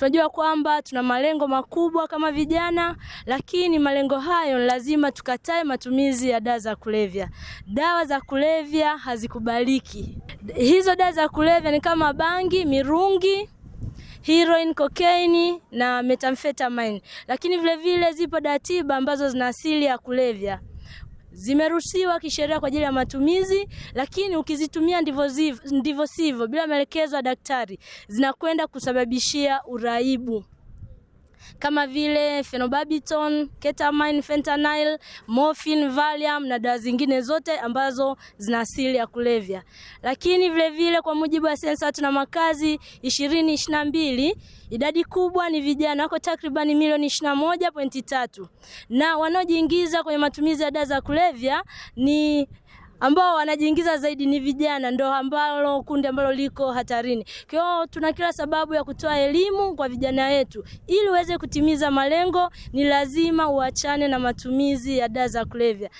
Tunajua kwamba tuna malengo makubwa kama vijana, lakini malengo hayo lazima tukatae matumizi ya dawa za kulevya. Dawa za kulevya hazikubaliki. Hizo dawa za kulevya ni kama bangi, mirungi heroin, kokaini na methamphetamine, lakini vilevile zipo dawa tiba ambazo zina asili ya kulevya zimeruhusiwa kisheria kwa ajili ya matumizi, lakini ukizitumia ndivyo sivyo bila maelekezo ya daktari zinakwenda kusababishia uraibu kama vile phenobarbital, ketamine, fentanyl, morphine, Valium na dawa zingine zote ambazo zina asili ya kulevya. Lakini vile vile kwa mujibu wa sensa watu na makazi 2022, idadi kubwa ni vijana wako takriban milioni 21.3 na wanaojiingiza kwenye matumizi ya dawa za kulevya ni ambao wanajiingiza zaidi ni vijana, ndo ambalo kundi ambalo liko hatarini. Kwa hiyo tuna kila sababu ya kutoa elimu kwa vijana wetu, ili uweze kutimiza malengo, ni lazima uachane na matumizi ya dawa za kulevya.